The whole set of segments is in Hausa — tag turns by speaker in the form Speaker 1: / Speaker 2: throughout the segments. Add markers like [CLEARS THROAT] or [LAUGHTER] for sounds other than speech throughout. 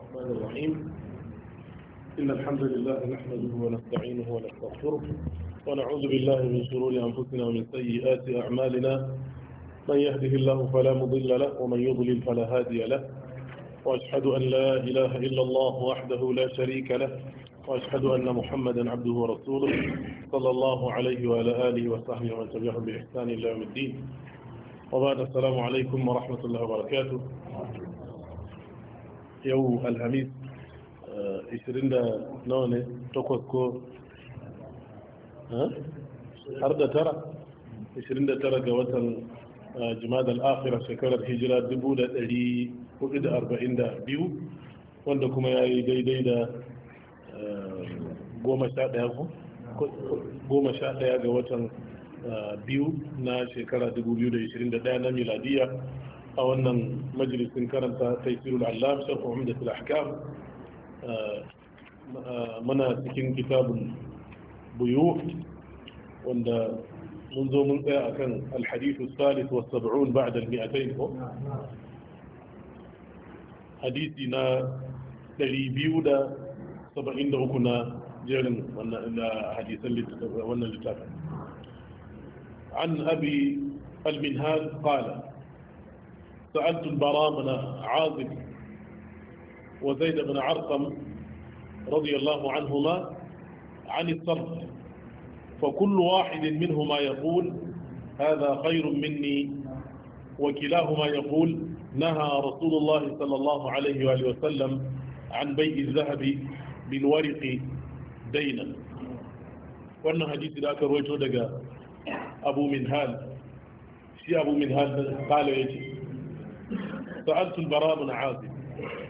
Speaker 1: الرحمن الرحيم إن الحمد لله نحمده ونستعينه ونستغفره ونعوذ بالله من شرور أنفسنا ومن سيئات أعمالنا من يهده الله فلا مضل له ومن يضلل فلا هادي له وأشهد أن لا إله إلا الله وحده لا شريك له وأشهد أن محمدا عبده ورسوله صلى الله عليه وعلى آله وصحبه ومن تبعهم بإحسان إلى يوم الدين وبعد السلام عليكم ورحمة الله وبركاته yau alhamis 20 eh, ne takwas ko eh? har da tara 29 ga watan eh, jima'a al'afira shekarar hijira 1442 wanda kuma ya yi daidai da 11 ga watan biyu na shekara 2021 na miladiyya أو أن مجلس إن كرم تيسير العلام شرح عمدة الأحكام آه، منا تكين كتاب بيوت وان منذ من كان الحديث الثالث والسبعون بعد المئتين هو حديثنا تري بيودا سبعين ده كنا جيرن وانا حديثا وأن لتابع عن أبي المنهاج قال سألت البراء بن عازب وزيد بن عرقم رضي الله عنهما عن الصرف فكل واحد منهما يقول هذا خير مني وكلاهما يقول نهى رسول الله صلى الله عليه وآله وسلم عن بيع الذهب بالورق دينا وانا حديث da aka rawaito أبو منهال شي أبو منهال Minhal kala sa'altul bara bin azib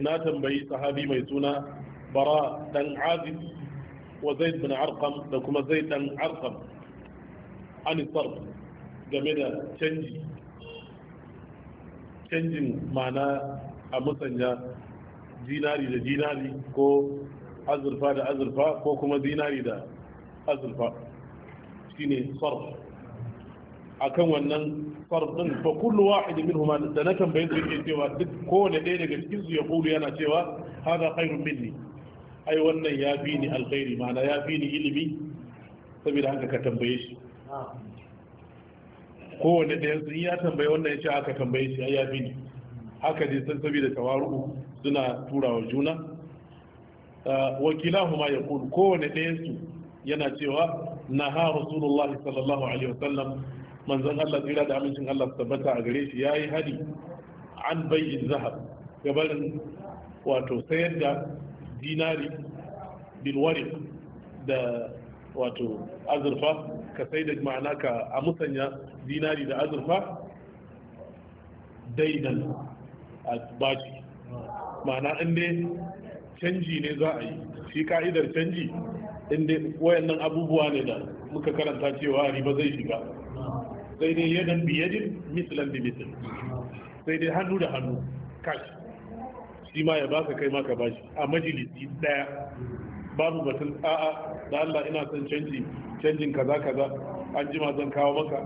Speaker 1: na tambayi sahabi mai suna bara dan azib wa zaid bin da kuma zaid dan arqam an game da canji canjin ma'ana a musanya dinari da dinari ko azurfa da azurfa ko kuma dinari da azurfa shine akan wannan fardun fa kullu wahid minhum da na bayin su yake cewa duk ne ɗaya daga cikin su ya kulu yana cewa hada khairun minni ai wannan ya fi ni alkhairi ma'ana ya fi ni ilimi saboda haka ka tambaye shi ne ɗaya sun ya tambaye wannan ya ce aka tambaye shi ai ya fi ni haka dai san saboda tawaru suna turawa juna wakilahuma ya kulu ne ɗaya su yana cewa na ha rasulullahi sallallahu alaihi wasallam manzon Allah tsira da amincin Allah tabbata a gare shi yi hari an bayyin zahab gabarin wato sayar da dinari bilwari da wato azurfa ka sai da ma'ana ka a musanya dinari da azurfa daidan a baci. ma'ana inda canji ne za a yi shi ka'idar canji inda wayannan abubuwa ne da muka karanta cewa riba zai shiga sai dai yadan biyadin mislan bi mislan sai dai hannu da hannu cash shi ma ya baka kai maka bashi a majalisi daya babu batun a'a da Allah ina son canji canjin kaza kaza an jima zan kawo maka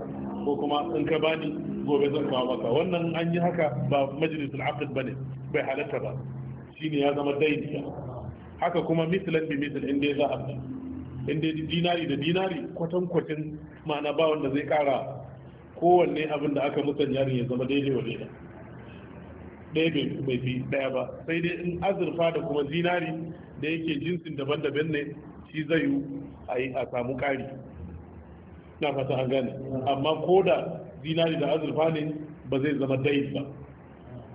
Speaker 1: ko kuma in ka bani gobe zan kawo maka wannan an yi haka ba majalisul abdul bane bai halatta ba shine ya zama daidai haka kuma mislan bi mislan inda za a inda dinari da dinari kwatankwacin ma'ana ba wanda zai kara kowanne abin da aka yarin ya zama daidai wa daidai ɗaya bai fi ɗaya ba sai dai in azurfa da kuma zinari da yake jinsin daban-daban ne shi zai yi a samu ƙari na fata an gane amma ko da zinari da azurfa ne ba zai zama dai ba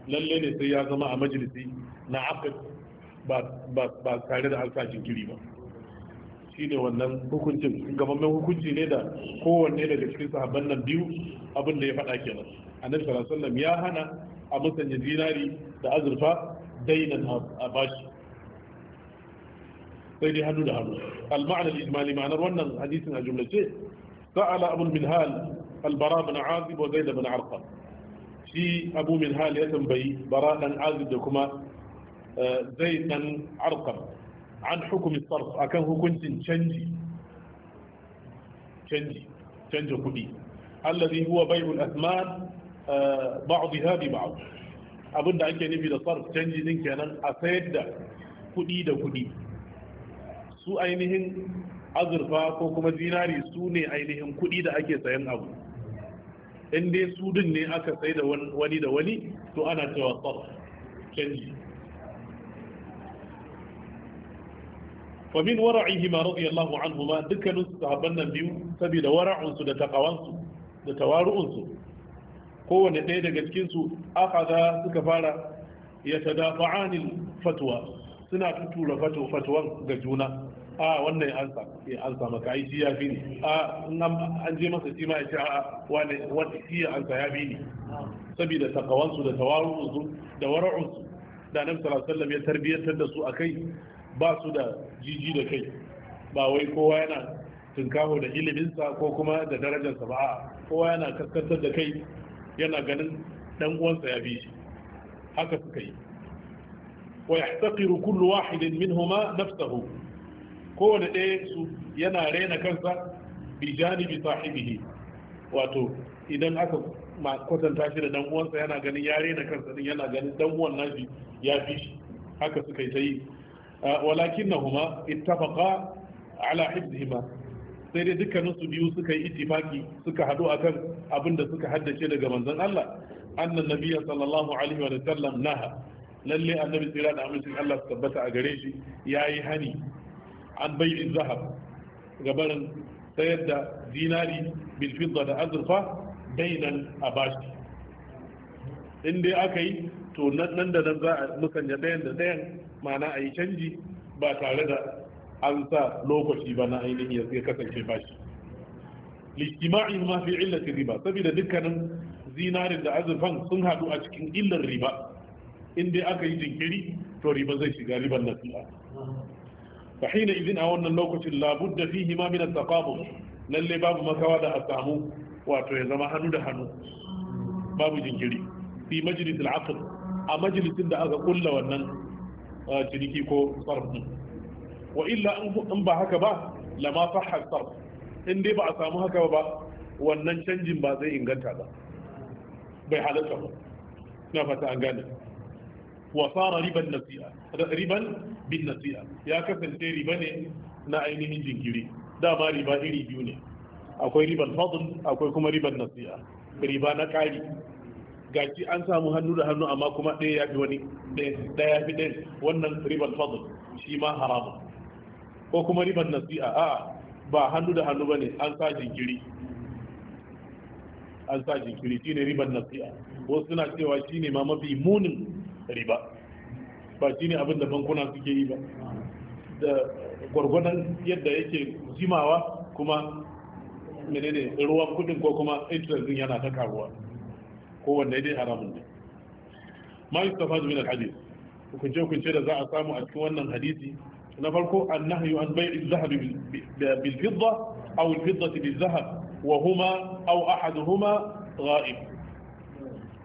Speaker 1: lalle ne sai ya zama a majalisi na afirka ba tare da alfashin kiri ba ne wannan hukuncin gabanin hukunci ne da kowanne daga cikin sahabban nan biyu abin da ya faɗa kenan annabi sallallahu alaihi wasallam ya hana a musanya dinari da azurfa dainan a bashi sai dai hannu da hannu al-ma'anar ijmali ma'anar wannan hadisin a jumlace sa'ala abu min hal albara bin azib wa zaid bin arqa shi abu min hal ya tambayi bara dan azib da kuma eh, zaid dan arqa an hukumi sarf akan hukuncin canji canji canja kuɗi allazi huwa bai'ul asman eh, ba'dha bi ba'd abinda ake nufi da sarf canji din kenan a sayar da kuɗi da kuɗi su ainihin azurfa ko kuma zinari su ne ainihin kuɗi da ake sayan abu in dai su din ne aka sai da wani da wani to ana cewa sarf canji fa min wara'ihima radiyallahu anhuma dukkanin su sahabban nan biyu saboda wara'un da takawansu da tawaru'un su ɗaya daga cikin su akaza suka fara yatadafa'ani fatwa suna tutura fatwa fatwan ga juna a wannan ya ansa ya ansa maka ai ya fi ne a an je masa shi ma ya ce a ya fi da tawarunsu da da ya tarbiyyantar da su kai. ba su da jiji da kai ba wai kowa yana tunkaho da iliminsa ko kuma da darajarsa ba kowa yana kaskantar da kai yana ganin dan uwansa ya bi shi haka suka yi wa yahtaqiru kullu wahidin minhuma nafsahu kowane ɗaya su yana rena kansa bi janibi sahibihi wato idan aka ma kwatanta shi da dan uwansa yana ganin ya rena kansa din yana ganin dan uwan nashi ya bi shi haka suka yi ta yi walakinnahuma ittafaqa ala hifdihima sai dai dukkaninsu biyu suka yi ittifaki suka hadu akan abin da suka haddace daga manzon Allah annan nabiyya sallallahu alaihi wa sallam naha lalle annabi tsira da amincin Allah su tabbata a gare shi yi hani an bai'in zahab gabarin sayar da zinari bil fidda da azurfa bainan bashi. in dai aka yi to nan da nan za a musanya ɗayan da ɗayan mana a yi canji ba tare da an sa lokaci ba na ainihin ya sai kasance shi lijima'i ma fi illati riba saboda dukkanin zinarin da azurfan sun hadu a cikin illar riba inda aka yi jinkiri to riba zai shiga riban nasi'a fa hina idin a wannan lokacin labudda fihi ma min at-taqabul lalle babu makawa da a samu wato ya zama hannu da hannu babu jinkiri fi majlis al a majalisin da aka kulla wannan ciniki ko sarfi wa illa in ba haka ba lama sahha sarf in dai ba a samu haka ba wannan canjin ba zai inganta ba bai halatta ba na fata an gane wa fara riban nasi'a riban bin nasi'a ya kasance riba ne na ainihin jinkiri dama riba iri biyu ne akwai riban fadl akwai kuma riban nasi'a riba na kari gashi an samu hannu da hannu amma kuma ɗaya ya fi wani ɗaya ya fi ɗaya wannan ribar fadl shi ma haramun ko kuma ribar nasi'a a ba hannu da hannu bane an sa jinkiri an sa jinkiri shi ne ribar nasi'a wasu suna cewa shi ne ma mafi munin riba ba shi abin da bankuna suke yi ba da gwargwadon yadda yake jimawa kuma menene ruwan kudin ko kuma interest yana ta karuwa kowanne dai haramun ne ma yustafadu min alhadith hukunce hukunce da za a samu a cikin wannan hadisi na farko an annahyu an bai'i zahabi bil fidda aw al fiddati bil zahab wa huma au aw huma ghaib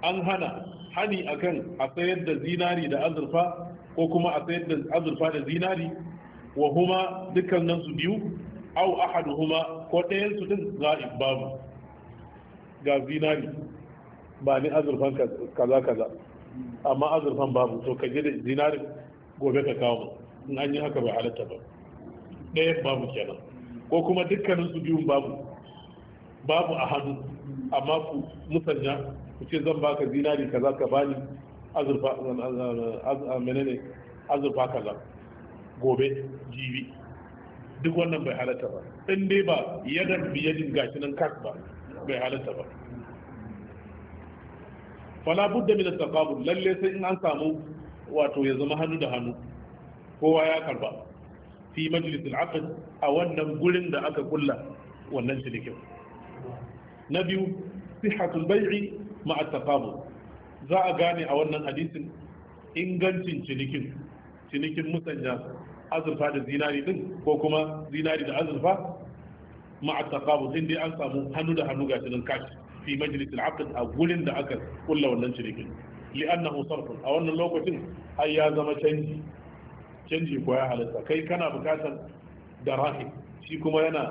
Speaker 1: an hana hani akan a sayar da zinari da azurfa ko kuma a sayar da azurfa da zinari wa huma dukkanin su biyu aw huma ko ɗayan su din ghaib babu ga zinari ba ni azurfan kaza kaza amma azurfan babu to ka je da zinarin gobe ka kawo in an yi haka bai halatta ba ɗayan babu kenan ko kuma dukkanin su biyun babu babu a hannu amma ku musanya ku ce zan baka zinari kaza ka bani azurfa eh, eh, eh, menene azurfa kaza gobe jibi duk wannan bai halatta ba in dai ba yadda biyadin gashi nan kas ba bai halatta ba fala budda min at-taqabul lalle sai in an samu wato ya zama hannu da hannu kowa ya karba fi majlisil aqd a wannan gurin da aka kulla wannan cinikin na biyu sihhatul bai'i ma at-taqabul za a gane a wannan hadisin ingancin cinikin cinikin musanya azurfa da zinari din ko kuma zinari da azurfa ma at-taqabul inda an samu hannu da hannu ga cinin kashi fi majlis al-aqd a gurin da aka kulla wannan cinikin li'annahu sarfun a wannan lokacin ai ya zama canji canji ko ya halatta kai kana bukatar darahi shi kuma yana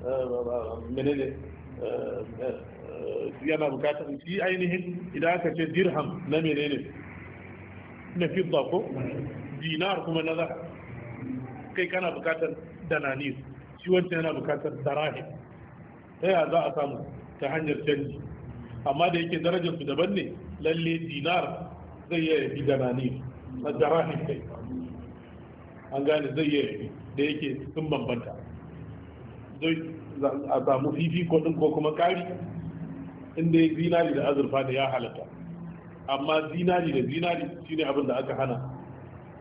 Speaker 1: eh, menene eh, eh, yana bukatar shi ainihin idan aka ce dirham na menene na fidda ko dinar kuma na zaka kai kana bukatar dananir shi wancan yana bukatar darahim ta yaya za a samu ta hanyar canji amma da yake darajar su daban ne lalle dinar zai yi yabi ganani na darahin kai an gane zai yi yabi da yake sun bambanta zai a samu ko din ko kuma kari inda ya zinari da azurfa da ya halatta amma zinari da zinari shine abin da aka hana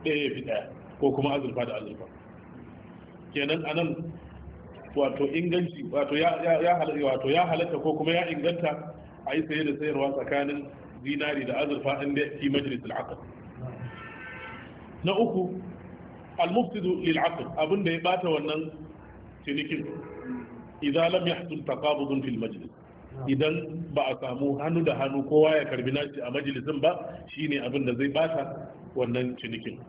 Speaker 1: ɗaya ya fi ɗaya ko kuma azurfa da azurfa kenan anan wato inganci wato ya wato ya halatta ko kuma ya inganta a yi saye da sayarwa tsakanin zinari da azurfa inda fi majlis al na uku al-mufsidu lil abinda ya bata wannan cinikin idan lam yahsul taqabudun fil majlis idan ba a samu hannu da hannu kowa ya karbi nashi a majalisin ba shine abin da zai bata wannan cinikin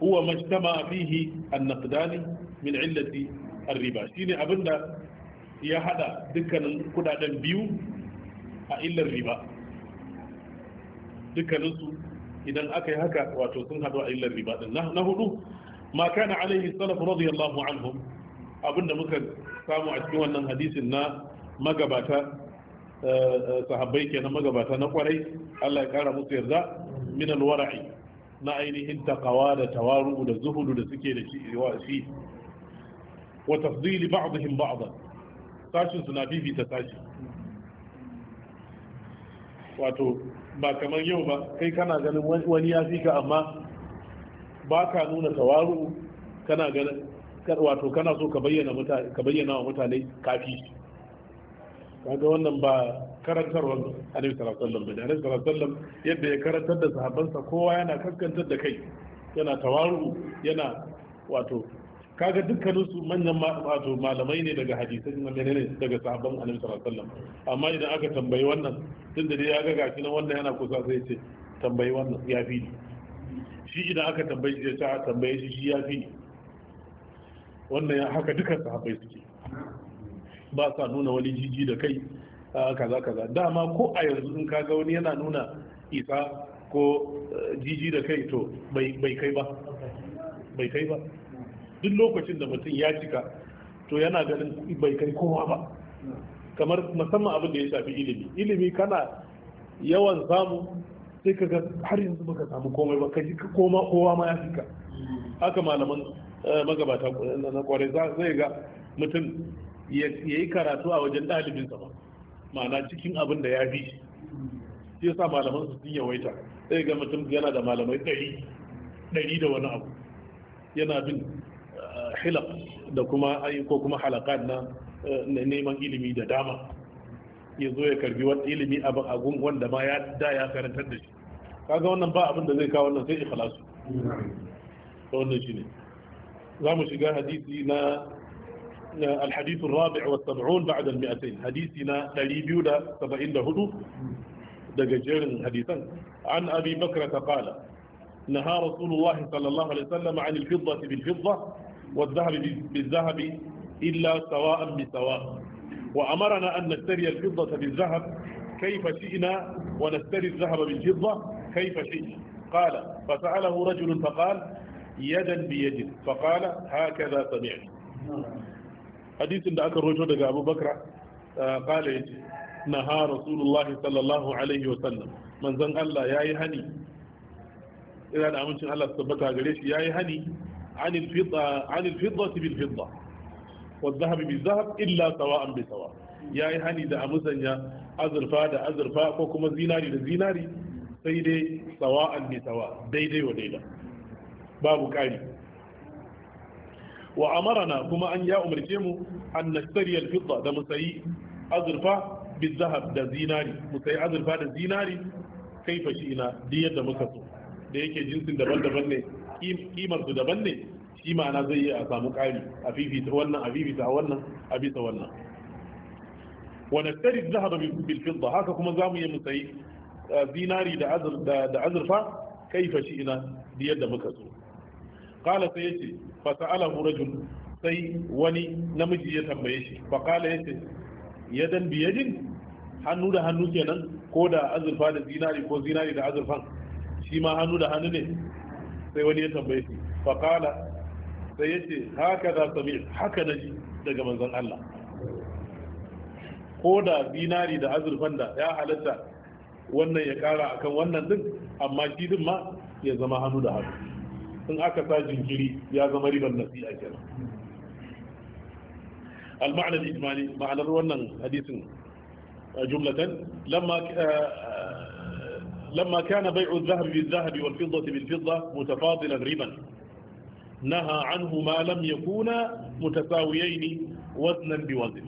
Speaker 1: huwa majtama fihi an-naqdani min illati arriba shine abinda ya hada dukkanin kudaden biyu a illar riba dukkaninsu idan aka yi haka wato sun hadu a illar riba din na hudu ma kana alaihi salaf radiyallahu anhum abinda muka samu a cikin wannan hadisin na magabata eh, sahabbai kenan magabata na kwarai Allah ya kara musu yarda min alwara'i na ainihin taqawa da tawaru da zuhudu da suke da shi wa tafdili ba'dihim ba'dan sashin suna ta sashi wato ba kamar yau ba kai kana ganin wani ya fika amma ba ka nuna tawaru kana ganin wato kana so ka bayyana ka bayyana wa mutane kafi kaga wannan ba karantarwar Annabi sallallahu alaihi wasallam ba Annabi sallallahu alaihi wasallam yadda ya karantar da sahabbansa kowa yana kankantar da kai yana tawaru yana wato kaga dukkanin su manyan wato malamai ne daga hadisai ne daga sahabban annabi sallallahu alaihi wasallam amma idan aka tambayi wannan tunda dai ya ga gashi nan wannan yana kusa sai ce tambayi wannan ya fi shi idan aka tambayi shi ta tambaye shi shi ya fi wannan ya haka dukkan sahabbai suke ba sa nuna wani jiji da kai kaza kaza dama ko a yanzu in kaga wani yana nuna isa ko eh, jiji da kai to bai kai ba bai kai ba duk lokacin da mutum ya cika to yana ganin bai kai kowa ba kamar musamman abin da ya shafi ilimi ilimi kana yawan samu sai ka ga har yanzu baka samu komai ba ka ji koma kowa ma ya fika haka malaman eh, magabata na kwarai zai ga mutum ya yi karatu a wajen ɗalibinsa ba ma'ana cikin abin da ya bi shi sa malaman su sun yawaita sai ga mutum yana da malamai ɗari ɗari da wani abu yana bin hilab da kuma ko kuma halakat eh, na neman ilimi da dama ya zo ya karbi wani ilimi a agun wanda ma ya da ya karantar da shi kaga wannan ba abin da zai kawo wannan sai ikhlasu to wannan shine za mu shiga hadisi na الحديث الرابع والسبعون بعد المئتين حديثنا تريبيو دا سبعين دا هدو دا حديثا عن أبي بكرة قال نهى رسول الله صلى الله عليه وسلم عن الفضة بالفضة والذهب بالذهب إلا سواء بسواء وأمرنا أن نشتري الفضة بالذهب كيف شئنا ونشتري الذهب بالفضة كيف شئنا قال فسأله رجل فقال يدا بيد فقال هكذا سمعت حديث عند أكر رجل أبو بكر آه، قال نهى رسول الله صلى الله عليه وسلم من زن الله يا هني إذا أمنش الله سبتها قريش يا هني عن الفضة عن الفضة بالفضة والذهب بالذهب إلا سواء بسواء يا إهاني دا أمسن أزرفا دا أزرفا كوكما زيناري دا زيناري سيدي سواء بسواء ديدي وديدا باب كاري وأمرنا كما أن يا أمر جيمو أن نشتري الفضة دا مسيء أزرفا بالذهب دا زيناري مسيء أزرفا دا زيناري كيف شئنا دي يد مكسو da yake jinsin daban-daban ne kimar su daban ne shi ma'ana zai yi a samu ƙari a fifita wannan a fifita a wannan a bisa wannan wani tsari zahaba bilfin ba haka kuma za mu yi mu sayi eh, zinari da azurfa kaifa fashi ina da muka so qala sai yace fa sa'alahu rajul sai wani namiji ya tambaye shi fa qala yace dan biyadin hannu da hannu kenan ko da azurfa da zinari ko zinari da azurfan shi ma hannu da hannu ne sai wani ya tambaye shi faqala sai yace haka da sami haka da ji daga manzon Allah ko da binari da azurfan da ya halatta wannan ya kara akan wannan din amma shi din ma ya zama hannu da hannu in aka sa jinkiri ya zama riban a kenan المعنى الإجمالي ma'anar wannan hadisin jumlatan lamma eh, لما كان بيع الذهب بالذهب والفضة بالفضة متفاضلا ربا نهى عنه ما لم يكون متساويين وزنا بوزن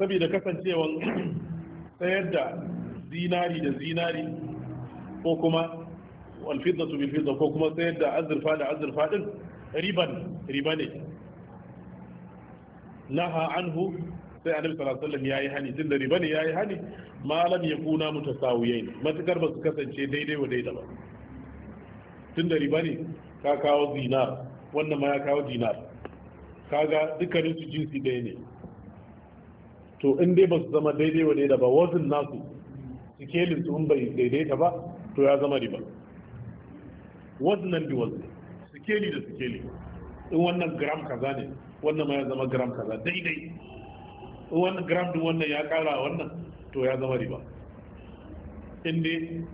Speaker 1: سبيد كفن سيوا سيدع ديناري لزيناري وكما والفضة بالفضة وكما سيدع عزر فالع عزر فالع ربا ربا نهى عنه سيدع النبي صلى الله عليه وسلم يا يهاني سيدع رباني يا يهاني malam ya kuna mu mutasawiyain matukar ba su kasance daidai wa daidai ba tun da riba ne ka kawo zinar. wannan ma ya kawo zinar. kaga dukkanin su jinsi ɗaya ne to in dai ba su zama daidai wa daidai ba wazin nasu sikelin su in bai daidaita ba to ya zama riba nan bi wazn sikeli da sikeli in wannan gram kaza ne wannan ma ya zama gram kaza daidai in wannan gram din wannan ya kara wannan to ya zama riba inda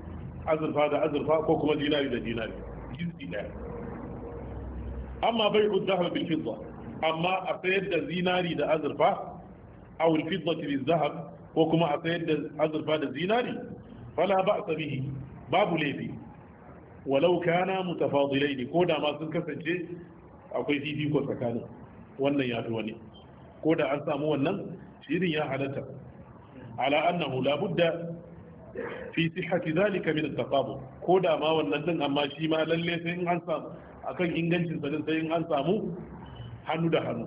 Speaker 1: azurfa da azurfa ko kuma dinari da dinari jinsi daya amma bai zahar bil fidda amma a sayar da zinari da azurfa a al fidda bil ko kuma a sayar da azurfa da zinari fala ba a bihi babu laifi walau kana mutafadilaini ko da ma sun kasance akwai fifiko tsakanin wannan ya fi wani ko da an samu wannan shirin ya halatta ala annahu la budda fi sihhati zalika min at-tatabut ko da ma wannan din amma shi ma lalle sai in an samu akan ingancin sa din sai in an samu hannu da hannu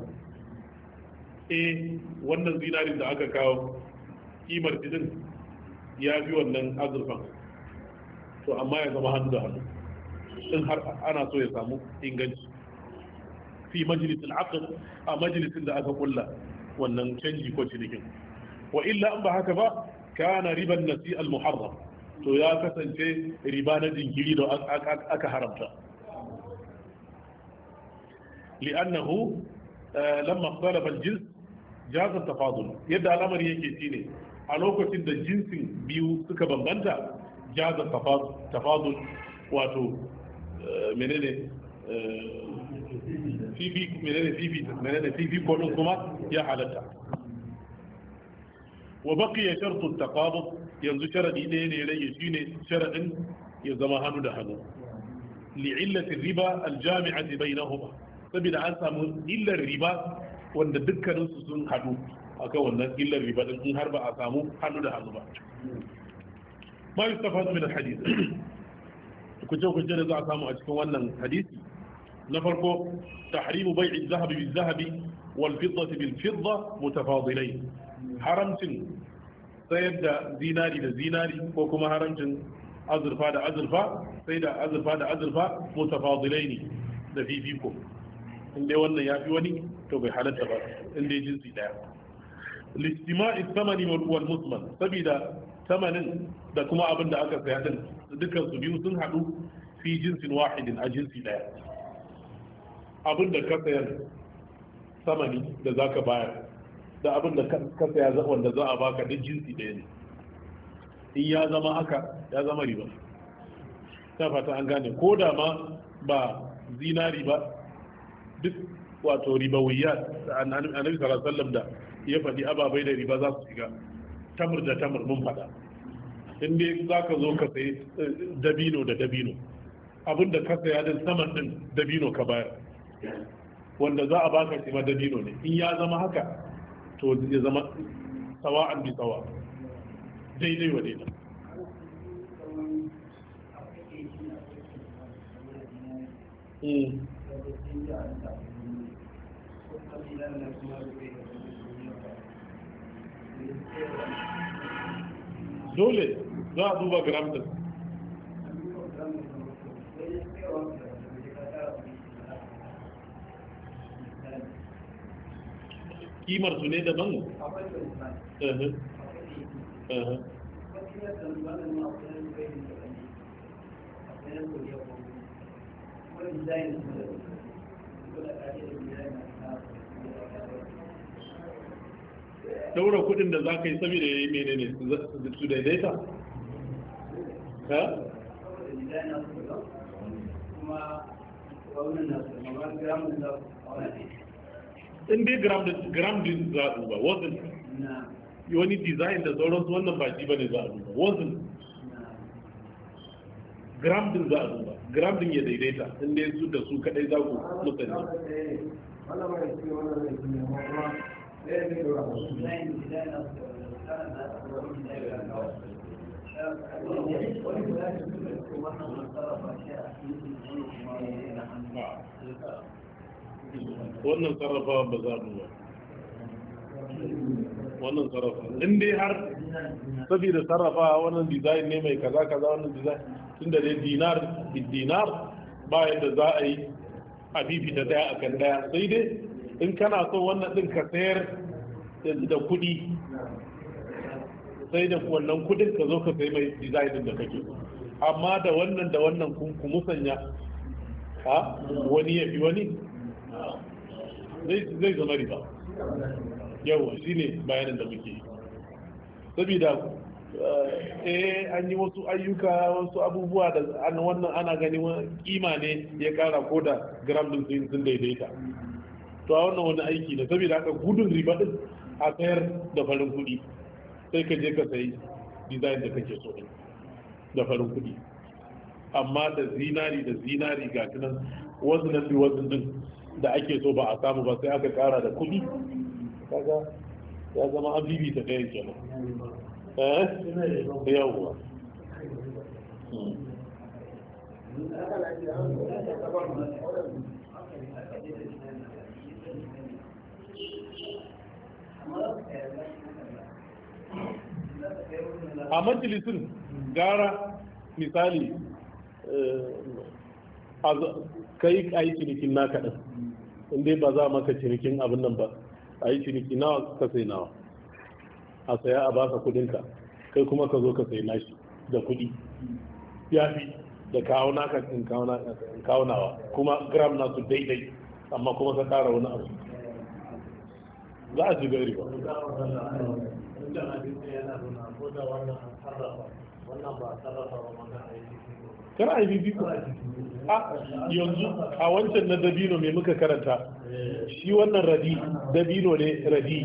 Speaker 1: eh wannan zinarin da aka kawo kimar din ya fi wannan azurfan to amma ya zama hannu da hannu in har ana so ya samu inganci fi majalisin aqd a majalisin da aka kulla wannan canji ko cinikin wa illa an ba haka ba kana riban nasi al muharram to ya kasance riba na jingiri da aka haramta li'annahu eh, lamma ikhtalafa al jins jaza tafadul yadda al'amari yake shine a lokacin da jinsin biyu suka bambanta jaza tafadul wato eh, menene eh, fifi menene fifi menene fifi kodin kuma ya halatta وبقي شرط التقابض ينزل شرط إليه إليه شيني شرط يزمى هنو لعلة الربا الجامعة بينهما فبدا عن سامون إلا الربا وان الدكة نسسون حدو أكو أن إلا الربا إن هربا أسامو حنو لهنو با ما يستفاد من الحديث [COUGHS] كنتو كنتو نزع سامو أشكو أن الحديث نفرقو تحريم بيع الذهب بالذهب والفضة بالفضة متفاضلين haramcin sayar da zinari da zinari ko kuma haramcin azurfa da azurfa sai da azurfa da azurfa mutafadilai ne da fifiko inda wannan ya fi wani to bai halatta ba inda jinsi daya listima'i samani wal musman saboda samanin da kuma abin da aka saya din dukkan su biyu sun hadu fi jinsin wahidin a jinsi daya abin da ka sayar samani da zaka bayar da abin da ka saya wanda za a baka duk jinsi ɗaya ne in ya zama haka ya zama riba ta fata an gane ko da ma ba zinari ba duk wato riba a annabi sallallahu alaihi da ya faɗi ababai da riba za su shiga tamur da tamur mun faɗa in dai za ka zo ka sayi eh, dabino da dabino abin da ka saya din saman din dabino ka bayar wanda za a baka shi ma dabino ne in ya zama haka to ya zama an bi sawa daidai wa daidai hmm. dole za a duba gram kimar su ne daban ne daura kudin da za ka yi saboda ya yi mene ne su daidaita?
Speaker 2: ha? kuma
Speaker 1: in dai gram gram din za a duba wazin wani design da su wannan ba ne za a duba wazin gram din za a duba gram din ya daidaita in dai su da su kadai za ku mutane
Speaker 2: eh, eh, Wow. wannan sarrafa ba
Speaker 1: za mu ba wannan sarrafa in dai har saboda sarrafa wannan design ne mai kaza kaza wannan design tun da dai dinar dinar ba yadda za a yi a fifita daya akan daya sai dai in kana son wannan din ka sayar da kudi sai da wannan kudin ka zo ka sai mai design da kake amma da wannan da wannan kun ku musanya ha wani ya fi wani zai zama riba yawa shi ne bayanin da muke saboda eh, eh an yi wasu ayyuka wasu abubuwa da an wannan ana gani kima ne ya kara ko da gram din sun daidaita to a wannan wani aiki ne saboda aka gudun riba din a sayar da farin kuɗi sai ka je ka sayi design da kake so da farin kuɗi amma da zinari da zinari ga nan wasu na fi wasu din da ake so ba a samu ba sai aka kara da kudi kaga ya zama an bibi ta ɗayan kenan eh a majalisun gara misali eh, yi a yi cinikin naka ɗin in dai ba za a maka cinikin abin nan ba a yi ciniki nawa ka sai nawa a saya a baka kudinka kai kuma ka zo ka sai nashi da kudi ya fi da kawo naka in kawo nawa kuma gram na su daidai amma kuma ka kara wani abu za a ji ba.
Speaker 2: Wannan ba a sarrafa wa yi bibi ko Ah, yanzu a wancan na dabino
Speaker 1: mai muka karanta shi wannan radi dabino ne radi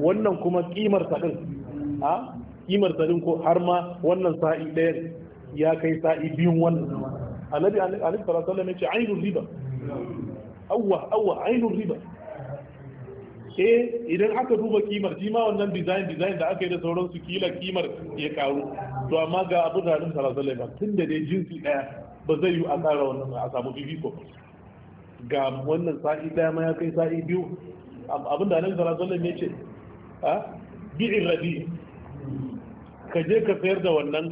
Speaker 1: wannan kuma kimar sadin a ah, kimar sadin ko har ma wannan sa'i ɗaya ya kai sa'i biyun wannan annabi alaihi salatu mai ce ainihin riba awwa awwa ainihin riba eh idan aka duba kimar shi ma wannan design design da aka yi da sauransu kila kimar ya karu to amma ga abu da alaihi salatu mai tun da dai jinsi ɗaya ba zai yi a tsara wannan a samu fifiko ga wannan sa'i daya ma ya kai sa'i biyu abin da annabi sallallahu alaihi ya ce a bi'ir rabi ka je ka sayar da wannan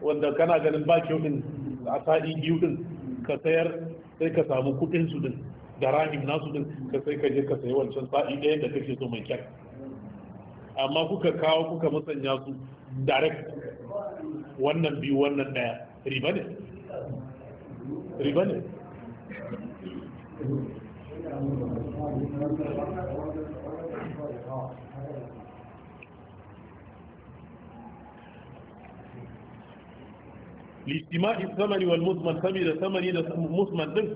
Speaker 1: wanda kana ganin ba kyau din a sa'i biyu din ka sayar sai ka samu kuɗin su din da rahim nasu din ka sai ka je ka sayi wancan sa'i ɗaya da kake so mai kyar amma kuka kawo kuka musanya su direct wannan biyu wannan ɗaya riba ne ربنا الثمن والمثمن ثمن إذا ثمن إذا مثمن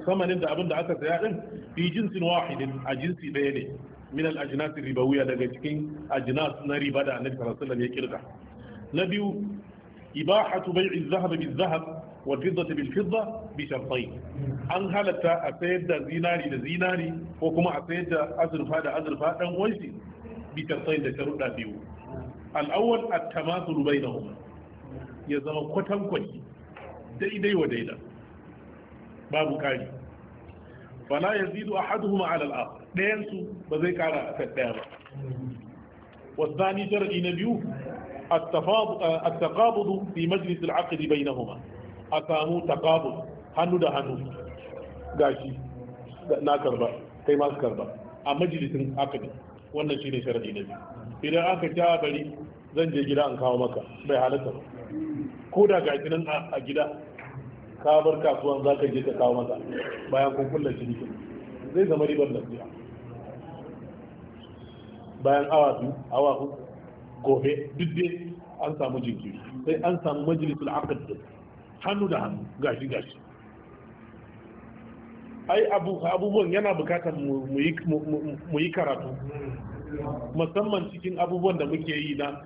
Speaker 1: ثمن إذا أبن دعاك سياغن في جنس واحد أجنس بيني من الأجناس الربوية لغتكين أجناس نري بدأ النبي صلى الله عليه وسلم يكيرك نبي إباحة بيع الذهب بالذهب والفضة بالفضة بشرطين أن هلتا أسيد زيناري لزيناري وكما أسيد أزرف هذا أزرف هذا ويسي بشرطين لشرطنا ديو الأول التماثل بينهما يزم قتم كوي ديدي وديدا باب كاري فلا يزيد أحدهما على الآخر دينسو بذيك على أسدامة والثاني شرعي نبيو التقابض في مجلس العقد بينهما a samu takabun hannu da hannu gashi na karba kai masu karba a majalisin haka ne wannan ne sharadi na biyu idan aka ja bari zan je gida an kawo maka bai halatta ba ko da gashi nan a gida ka bar kasuwan za ka je ka kawo maka bayan kun shi ciniki zai zama ribar lafiya bayan awa biyu awa uku gobe duk dai an samu jinkiri sai an samu majalisul aqd hannu da hannu gashi gashi ai abubuwan yana bukatar mu yi karatu musamman cikin abubuwan da muke yi na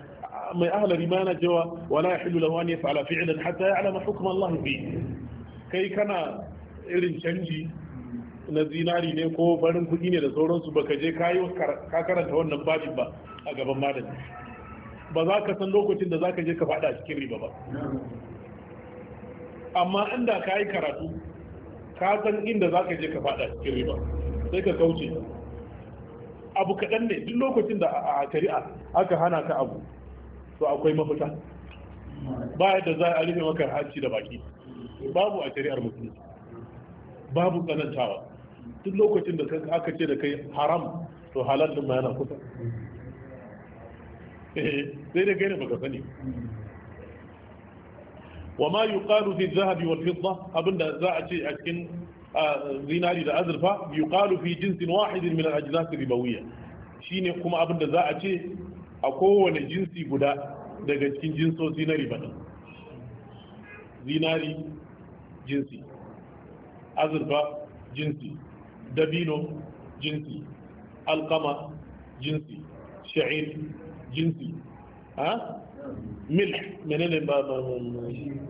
Speaker 1: mai ahalari ma yana cewa wala ya hilu lawa ne fa'ala idan hatta ya alama hukumar Allah fi kai kana irin canji na zinari ne ko farin kuɗi ne da sauransu baka je ka karanta wannan babin ba a gaban malami ba za ka san lokacin da za ka je ka faɗa cikin riba ba amma inda ka yi karatu ka san inda za ka je ka fada cikin riba sai ka kauce abu kaɗan ne duk lokacin da a shari'a aka hana ka abu to akwai mafita ba yadda za a rufe maka hanci da baki babu a shari'ar musulunci babu tsanantawa duk lokacin da aka ce da kai haram to halal din ma yana kusa eh, sai da kai ne baka sani وما يقال في الذهب والفضة أبن ذا أكن آه، زيناري ذا يقال في جنس واحد من الأجزاء الربوية شيني كما أبن ذا أكون جنسي بدا ذا كن جنس زيناري بدا زيناري جنسي أزرفة جنسي دبينو جنسي القمر جنسي شعير جنسي ها mil menene ba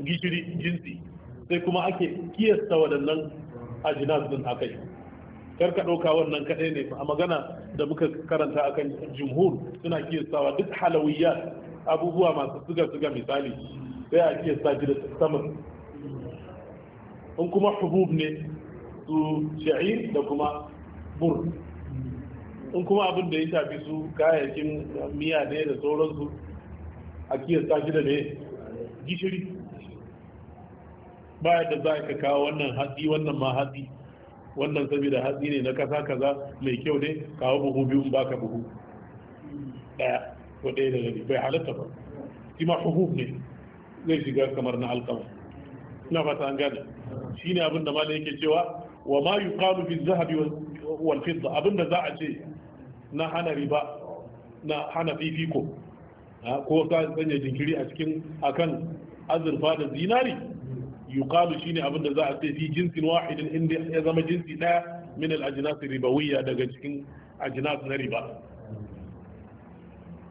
Speaker 1: gishiri jinsi sai kuma ake kiyasta waɗannan ajinas din akai kar ka ɗauka wannan kaɗai ne a magana da muka karanta akan jumhur suna kiyastawa duk halawiyya abubuwa masu suga suga misali sai a kiyasta shi da saman in kuma hubub ne su sha'ir da kuma bur in kuma abin da ya shafi su kayayyakin miya ne da sauransu a kiyasta shi da ne gishiri ba yadda za ka kawo wannan hatsi wannan ma hatsi wannan saboda hatsi ne na kasa kaza mai kyau ne kawo buhu biyu ba ka buhu daya ko ɗaya da gani bai halatta ba shi ma hukuk ne zai shiga kamar na alkama ina fata an gane shine abin da malai yake cewa wa ma yi yuqalu fi zahabi wal fidda abin da za a ce na hana riba na hana fifiko ko ta sanya jinkiri a cikin akan azurfa da zinari yuqalu shine abin da za a ce fi jinsin wahidin inda ya zama jinsi daya min al ajnas ribawiyya daga cikin ajnas na riba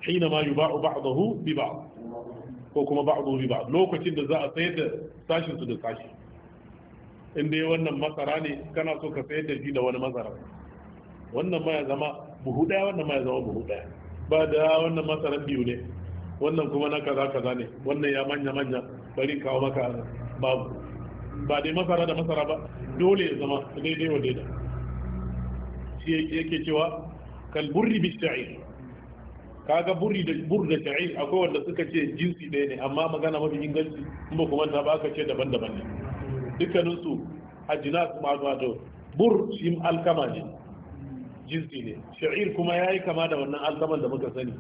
Speaker 1: hina ma yuba'u ba'dahu bi ba'd ko kuma ba'dahu bi ba'd lokacin da za a sayar da sashin su da sashi inda ya wannan masara ne kana so ka sayar da shi da wani masara wannan ma ya zama buhu daya wannan ma ya zama buhu daya ba da wannan masara biyu ne wannan kuma na kaza kaza ne wannan ya manya manya bari kawo maka babu ba dai masara da masara ba dole ya zama daidai wa daida shi yake cewa burri bi sha'ir kaga burri da bur da sha'ir akwai wanda suka ce jinsi ɗaya ne amma magana mafi inganci in ba kuma ba aka ce daban-daban ne dukkanin su ajina su ma wato bur shi alkama ne jinsi ne sha'ir kuma yayi kama da wannan alkaman da muka sani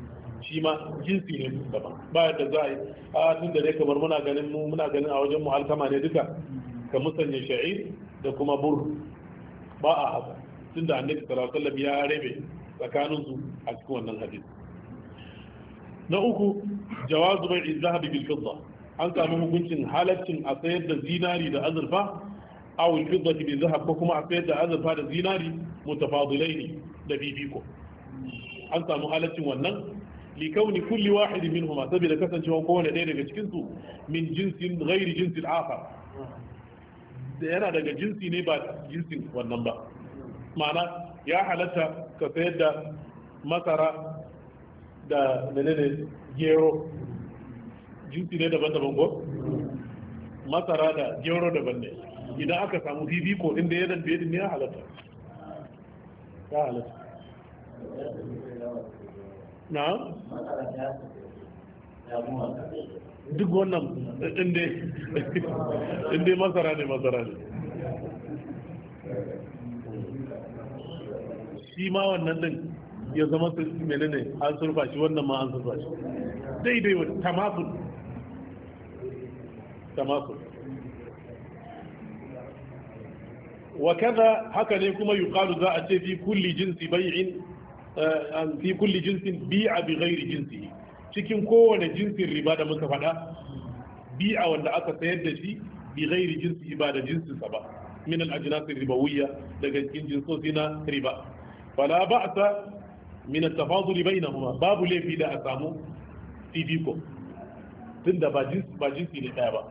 Speaker 1: shi ma jinsi ne daban ba da za a yi a tun da dai kamar muna ganin mu muna ganin a wajen mu alkama ne duka ka musanya sha'ir da kuma bur ba a haka tun da annabi sallallahu alaihi ya rabe tsakanin su a cikin wannan hadisi na uku jawazu bai'i zahabi bil fidda an samu hukuncin halaccin a sayar da zinari da azurfa aw al fidda bil zahab ko kuma a sayar da azurfa da zinari mutafadilai ne da bibiko an samu halaccin wannan لكون كل kulli منهما minhuma كسن kasancewa kowane ɗaya daga cikin su min jinsin ghairi jinsin akhar yana daga jinsi ne ba jinsin wannan ba ma'ana ya halatta ka sayar da masara da menene gero jinsi ne daban-daban ko masara da gero daban ne idan aka samu ko inda ya bai din ya halatta ya halatta na duk wannan inda masara ne masara ne shi ma wannan din ya zama su ne an surfa shi wannan ma an surfa shi daidai wani tamaful
Speaker 3: tamaful
Speaker 1: wa kaza haka ne kuma yuqalu za a ce fi kulli jinsi bai'in fi kulli jinsin bi'a bi ghairi jinsi cikin kowane jinsin riba da muka faɗa bi'a wanda aka sayar da shi bi ghairi jinsihi ba da jinsinsa ba min al ajnas ribawiyya daga cikin jinsosi na riba fala ba'sa min at tafadul bainahuma babu laifi da a samu fifiko tunda ba jinsi ba jinsi ne daya ba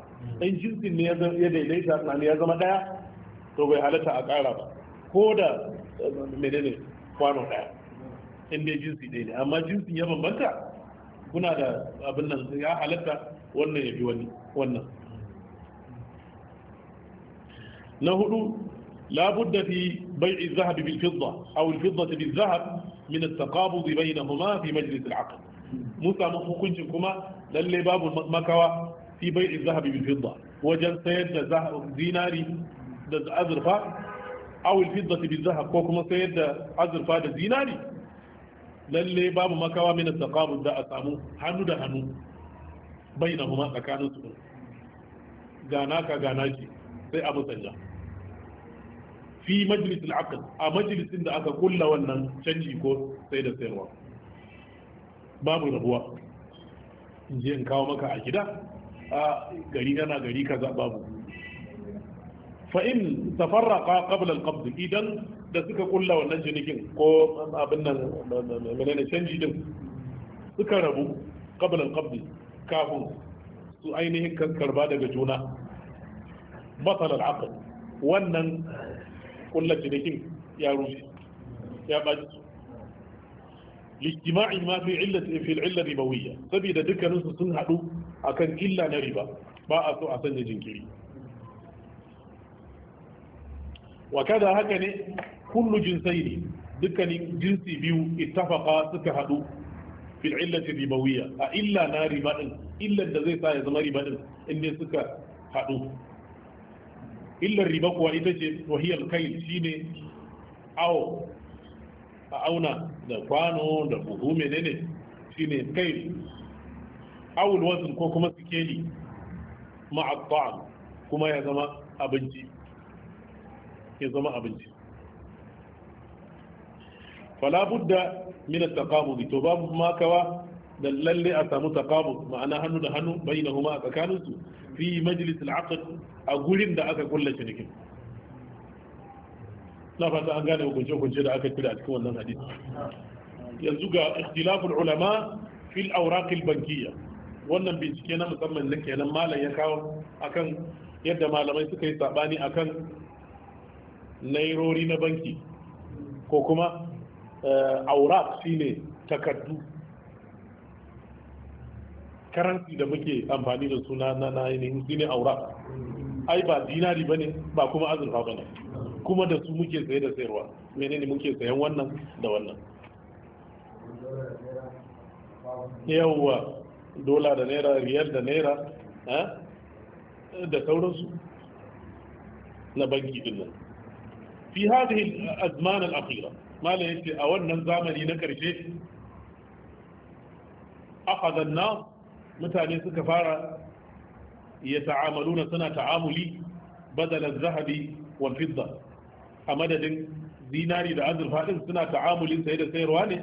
Speaker 1: dan jinsin ne ya daidaita na ya zama daya to bai halatta a ƙara ba ko da eh, menene kwano daya in dai jinsi ɗaya ne amma jinsi ya bambanta kuna da abin nan ya halatta wannan ya bi wani wannan na hudu labudda fi bai'i zahabi bil fidda aw al fidda bil zahab min al taqabud bainahuma fi majlis al aqd musa mu hukunci kuma lalle babu makawa fi bai'i zahabi bil fidda wajen sayar da zinari da azurfa aw al fidda bil zahab ko kuma sayar da azurfa da zinari lalle babu makawa min taqabud da a samu hannu da hannu baina huma tsakanin su gana ka gana ki sai a musanya fi majlis al-aqd a majlisin da aka kulla wannan canji ko sai da sayarwa babu rabuwa in je in kawo maka a gida a gari yana gari kaza babu fa in tafarraqa qabla al-qabd idan da suka kulla wannan cinikin ko abin nan menene canji din suka rabu qablan qabdi kafin su ainihin karba daga juna batal al wannan kulla cinikin ya rushe ya baci lijtima'i ma fi illati fi al-illa ribawiyya saboda dukkanin su sun hadu akan illa na riba ba a so a sanya jinkiri wa kada haka ne kullu jinsaini dukkanin jinsi biyu ittafaqa suka hadu fil illati ribawiyya a illa na riba din da zai sa ya zama riba din ne suka hadu illar riba kuwa ita ce wahiyar kai shine awo a auna da kwano da buhu menene shine kai awul ko kuma sikeli ma'a kuma ya zama abinci ya zama abinci fala budda min at-taqabud to babu makawa da lalle a samu taqabud ma'ana hannu da hannu bainahuma a tsakanin su fi majlis al-aqd a gurin da aka kulla cinikin na fata an gane hukunce hukunce da aka kira a cikin wannan hadisi yanzu ga ikhtilaful ulama fil awraq al-bankiyya wannan bincike na musamman da kenan malam ya kawo akan yadda malamai suka yi sabani akan nairori na banki ko kuma Eh, aurat shine takardu karanti da muke amfani da suna na na ainihin shine aurat ai ba dinari ne, ba kuma azurfa ne. kuma da su muke saye da sayarwa Mene ne muke sayan wannan da wannan
Speaker 3: yawwa
Speaker 1: dola da naira riyal da naira eh, da sauransu na banki din fi hadhihi al-azman malam yace a wannan zamani na karshe akhadhan na mutane suka fara ya yata'amaluna suna ta'amuli badala zahabi wal fidda a madadin zinari da azurfa din suna ta'amulin sai da sayarwa ne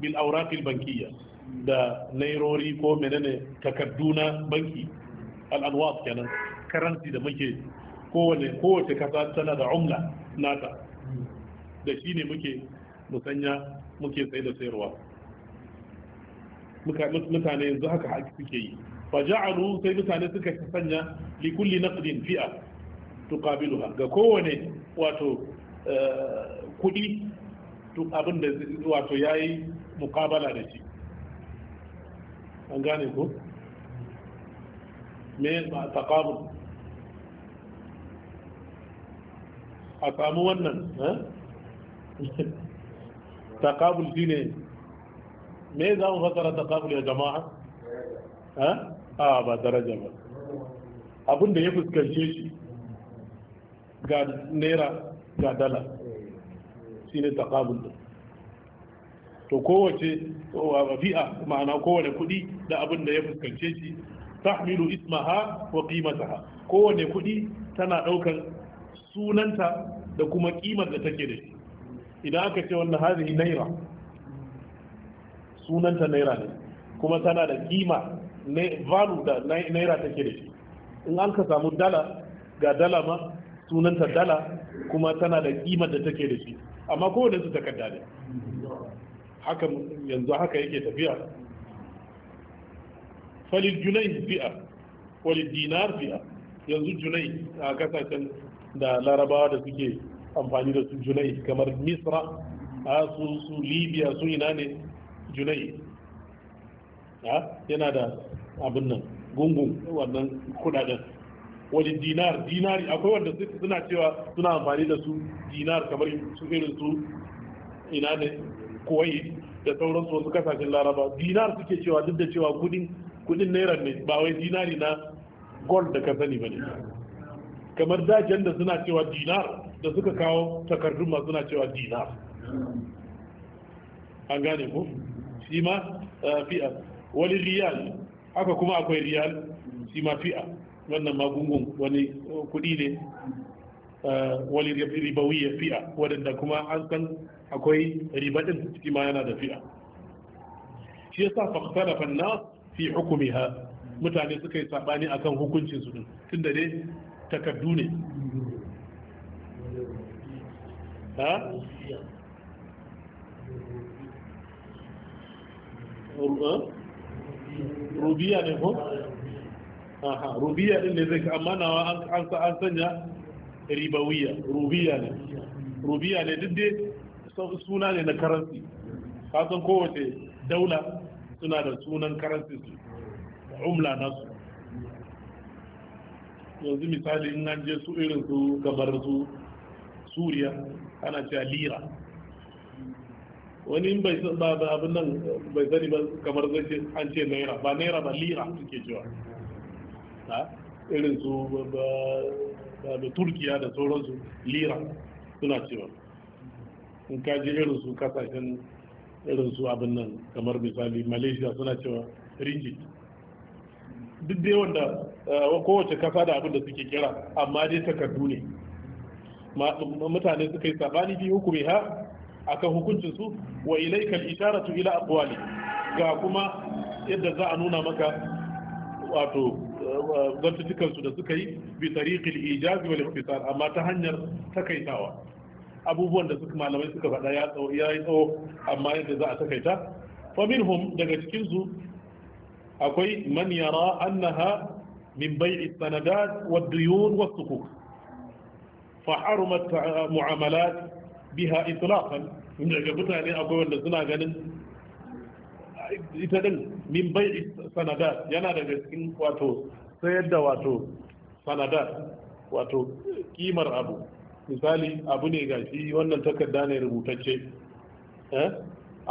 Speaker 1: bil awraqil bankiyya da nairori ko menene takardu na banki al kenan karanti da muke kowane kowace kasa tana da umla nata da shi ne muke musanya muke sai da sayarwa mutane yanzu haka haka suke yi fa ja'alu sai mutane suka sanya li kulli naqdin fi'a tuqabiluha ga kowane wato eh, kudi to abin da wato yayi muqabala da shi an gane ko me ba taqabul a samu wannan eh? [LAUGHS] taqabul shine me za mu fasara taqabul ya jama'a ha a ba daraja ba abin da ya fuskance shi ga naira ga dala shine taqabul din to kowace fi'a ma'ana kowane kudi da abin da ya fuskance shi tahmilu ismaha wa qimataha kowane kudi tana daukan sunanta da kuma kimar da take da shi idan aka ce wannan hazi naira sunanta naira ne kuma tana da kima value da naira ke da shi in an ka samu dala ga dala ma sunanta dala kuma tana da kima da take da shi amma kowane su takarda ne haka yanzu haka yake tafiya falil junai fi'a walil dinar fi'a yanzu junai a kasashen da larabawa da suke amfani da su junai kamar misra a su su libya su ina ne junai yana da abin nan gungun wannan kudaden wajen dinar dinari akwai wanda suna cewa suna amfani da su dinar kamar su irin su ina ne kuwai da sauransu wasu kasashen laraba dinar suke cewa duk da cewa kudin kudin naira ne ba wai dinari na gold da ka sani ba ne kamar dajen da suna cewa dinar da suka kawo takardun masu na cewa dinar an gane ku shi ma eh, fi'a wani riyal haka kuma akwai riyal shi ma fi'a wannan magungun wani eh, kudi ne eh, wani ribawi ya fi'a wadanda kuma an san akwai ribadin shi ma yana da fi'a shi ya sa da fanna fi hukumi ha mutane suka yi sabani akan hukuncin su din tunda ne takardu ne ha rubiya ne ko aha rubiya ɗin ne zai amma na an an sanya ribawiya rubiya ne rubiya ne duk dai suna ne na karansi kasan kowace daula suna da sunan karansi su umla nasu yanzu misali in an je su irin su kamar su suriya ana cewa lira wani bai ba abin nan bai zari ba kamar zai ce an ce naira ba naira ba lira suke cewa ha irin su da turkiya da sauransu lira suna cewa in ka ji irin su kasashen irin su abin nan kamar misali malaysia suna cewa ringgit duk dai wanda eh, kowace kasa da abin da suke kira amma dai takardu ne mutane suka yi sabani bi hukumiha akan hukuncin su wa ilayka al-isharatu ila aqwali ga kuma yadda za a nuna maka wato zantutukan su da suka yi bi tariqil ijazi wal ikhtisar amma ta hanyar takaitawa abubuwan da suka malamai suka faɗa ya tsawo ya yi tsawo amma yadda za a takaita fa minhum daga cikin su akwai man yara annaha min bai'i sanadat wad duyun was فحرمت معاملات بها إطلاقا من mutane أن أقول suna ganin ita din min bai sanada yana daga cikin wato sayar da wato sanada wato kimar abu misali abu ne ga shi wannan takarda ne rubutacce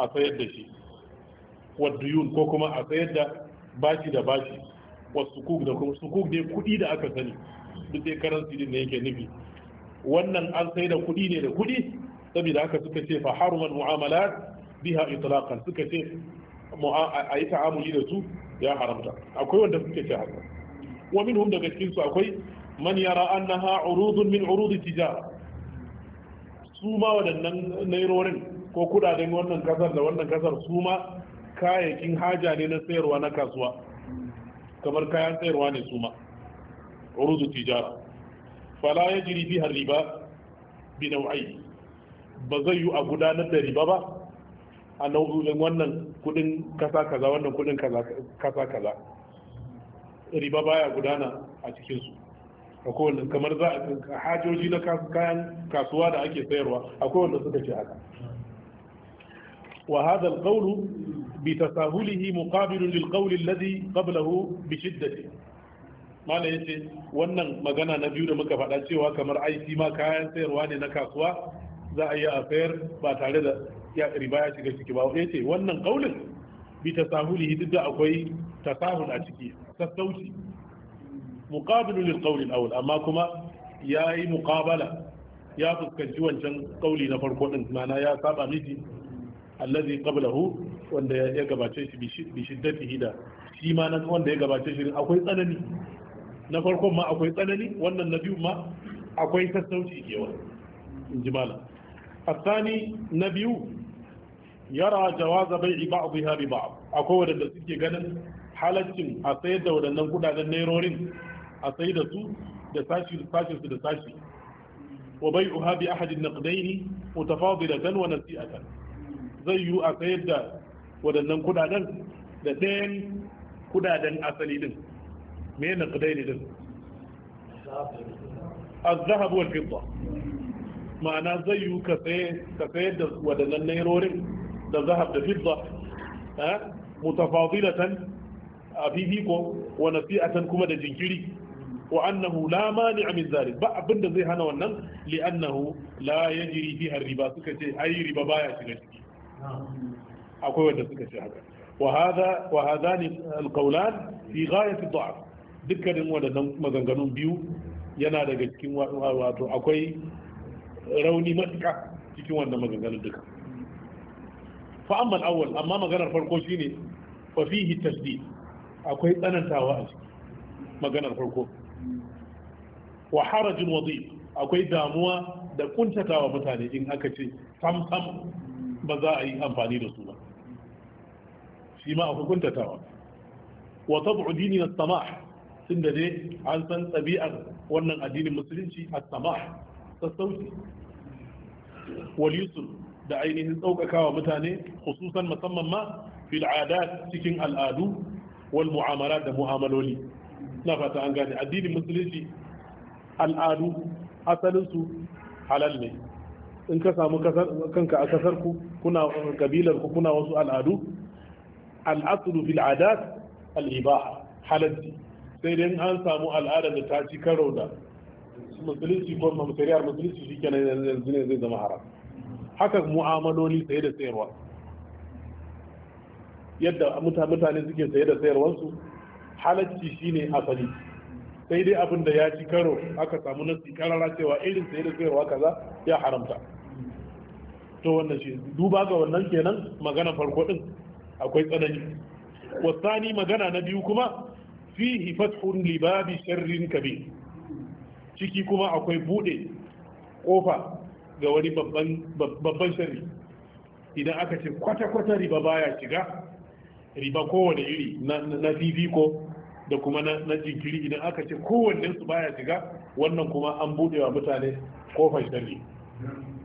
Speaker 1: a sayar da shi waduyun ko kuma a sayar da bashi da bashi wasu kuk da kuma sukuk ne kuɗi da aka sani duk dai karansi din ne yake nufi wannan an sai da kuɗi ne da kuɗi saboda haka suka ce fa haruman mu'amalat biha itlaqan suka ce a ta'amuli da su ya haramta akwai wanda suka ce haka wa minhum daga cikin su akwai man yara annaha urudun min urudi tijara su ma waɗannan nairorin ko kudaden wannan kasar da wannan kasar su ma kayayyakin haja ne na sayarwa na kasuwa kamar kayan sayarwa ne su ma urudu tijara fala ya jiri biha riba bi nau'ai ba zai yi a gudanar da riba ba a nau'in wannan kudin kasa kaza wannan kudin kasa kaza riba ya gudana a cikinsu akwai wanda kamar za a hajoji na kayan kasuwa da ake sayarwa akwai wanda suka ce haka wa hadha alqawlu bi tasahulihi muqabilun lilqawli alladhi qablahu bi shiddati mana ya ce wannan magana na biyu da muka faɗa cewa kamar aiki ma kayan sayarwa ne na kasuwa za a yi a sayar ba tare da ya riba ya shiga ciki ba ya ce wannan ƙaunin bi sahuli duk da akwai tasahul a ciki sassauci muqabilu lil qawli awal amma kuma yayi muqabala ya fuskanci wancan kauli na farko din mana ya saba miji allazi qablahu wanda ya gabace shi bi shiddatihi da shi ma nan wanda ya gabace shi akwai tsanani na farkon ma akwai tsanani wannan na biyu ma akwai sassauci kewa in ji a tsani na biyu yara jawaza bai'i ba'dha bi A akwai wadanda suke ganin halaccin a sayar da wadannan kudaden nairorin a sayar da su da sashi da sashi da sashi wa uha bi ahad an-naqdayn mutafadilatan wa nasi'atan zai yu a sayar da wadannan kudaden da ɗayan kudaden asali din me na kudaini din az-zahab wal fidda ma'ana zai yi ka sayar da waɗannan nairorin da zahab da fidda mutafadilatan a fifiko wa nasi'atan kuma da jinkiri wa annahu la mani'a min zalik ba abinda zai hana wannan li annahu la yajri fi riba suka ce riba baya akwai wanda suka ce haka fi dukkanin waɗannan maganganun biyu yana daga cikin wato akwai rauni matuka cikin wannan maganganun duka fa amma al-awwal amma maganar farko shine fa fihi tasdid akwai tsanantawa a ciki maganar farko wa harajin wadi akwai damuwa da kuntatawa mutane in aka ce sam sam ba za a yi amfani da su ba shi ma akwai kuntatawa wa tab'u dini na samah tun da dai an san tsabi'ar wannan addinin musulunci a sama sassauci walisun da ainihin tsaukakawa mutane hususan musamman ma fil cikin al'adu wal mu'amala da mu'amaloli na fata an gane addinin musulunci al'adu asalinsu halal ne in ka samu kanka a kasar kuna kabilar kuna wasu al'adu al'asulu fil adat al halal. sai dai an samu al'adar da ta ci karo da musulunci ko mamsariyar musulunci shi kenan yanzu ne zai zama haram haka mu'amaloli saye da sayarwa yadda mutane suke saye da sayarwarsu halacci shine asali sai dai abin da ya ci karo aka samu nasi karara cewa irin saye da sayarwa kaza ya haramta to wannan shi duba ga wannan kenan magana farko din akwai tsanani wasani magana na biyu kuma fihi fathun babi sharrin kabir ciki kuma akwai bude kofa ga wani babban sharri idan aka ce kwata-kwata riba baya shiga riba kowane iri na fifiko da kuma na jinkiri idan aka ce kowanne su baya shiga wannan kuma an wa mutane kofar sharri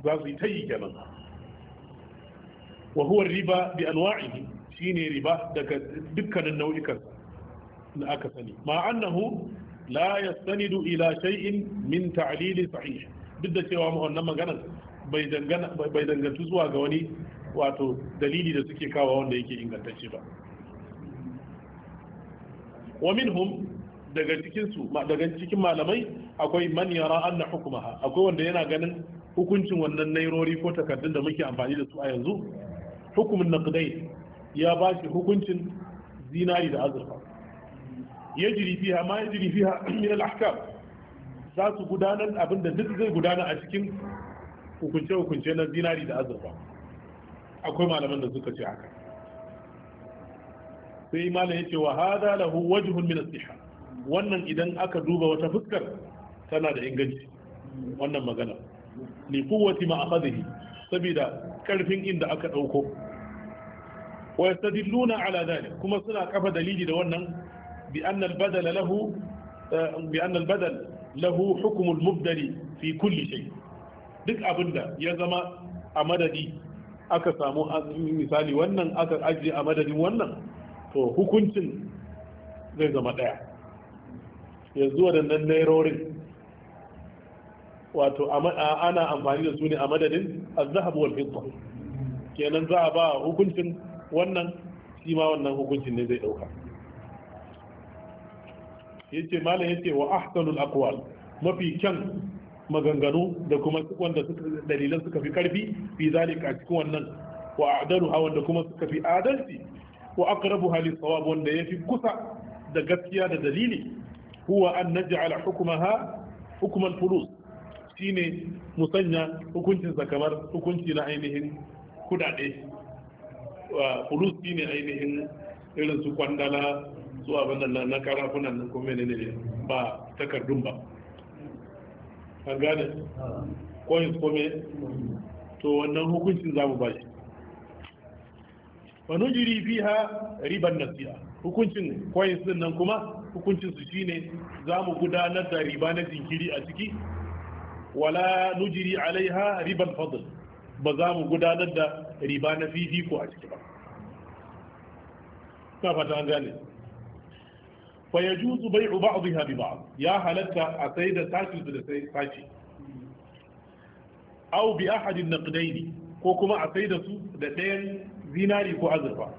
Speaker 1: za su yi ta yi kenan wa huwa riba bi anwa'ihi shine riba daga dukkanin nau'ikansa da aka sani ma annahu la yastanidu ila shay'in min ta'lili sahih duk da cewa mu wannan maganar bai dangana bai dangantu zuwa ga wani wato dalili da suke kawo wanda yake ingantacce ba wa minhum daga cikin su daga cikin malamai akwai man yara anna hukumaha akwai wanda yana ganin hukuncin wannan nairori ko takardun da muke amfani da su a yanzu hukumin naqdai ya ba hukuncin zinari da azurfa yajri fiha ma yajri fiha [CLEARS THROAT] min al-ahkam za su gudanar abin da duk zai gudana a cikin hukunce-hukunce na zinari da azurfa akwai malaman da suka ce haka sai malam yace wa hadha lahu wajhun min as-sihha wannan idan aka duba wata fuskar tana da inganci wannan magana li quwwati ma akhadhihi saboda karfin inda aka dauko wa yastadilluna ala dhalik kuma suna kafa dalili da wannan بأن البدل له بأن البدل له حكم المبدل في كل شيء duk abinda ya zama a madadi aka samu misali wannan aka ajiye a madadin wannan to hukuncin zai zama ɗaya yanzu waɗannan nairorin wato ana amfani da su ne a madadin azhabu wal fidda kenan za a ba hukuncin wannan shi ma wannan hukuncin ne zai ɗauka yace malam yace wa ahsanul aqwal mafi kyan maganganu da kuma wanda dalilan suka fi karfi fi zalika cikin wannan wa ha wanda kuma suka fi adalci wa aqrabu lis sawab wanda yafi kusa da gaskiya da dalili huwa an naj'al hukmaha hukman fulus shine musanya hukuncin kamar hukunci na ainihin kudade wa fulus shine ainihin irin su kwandala zuwa banda na karafunan nan kuma ne ne ba takardun ba an gane coins kome to wannan hukuncin za mu ba shi wani jiri ha riban nasiya hukuncin coins din nan kuma hukuncin su shine za mu gudanar da riba na jinkiri a ciki wala nujiri alaiha riban fadl ba za mu gudanar da riba na fifiko a ciki ba ta fata an gane fa yajuzu bai'u ba'dha bi ba'd ya halatta a sai da sashi da sai sashi aw bi ahadin an-naqdayn ko kuma a sai da su da ɗayan zinari ko azurfa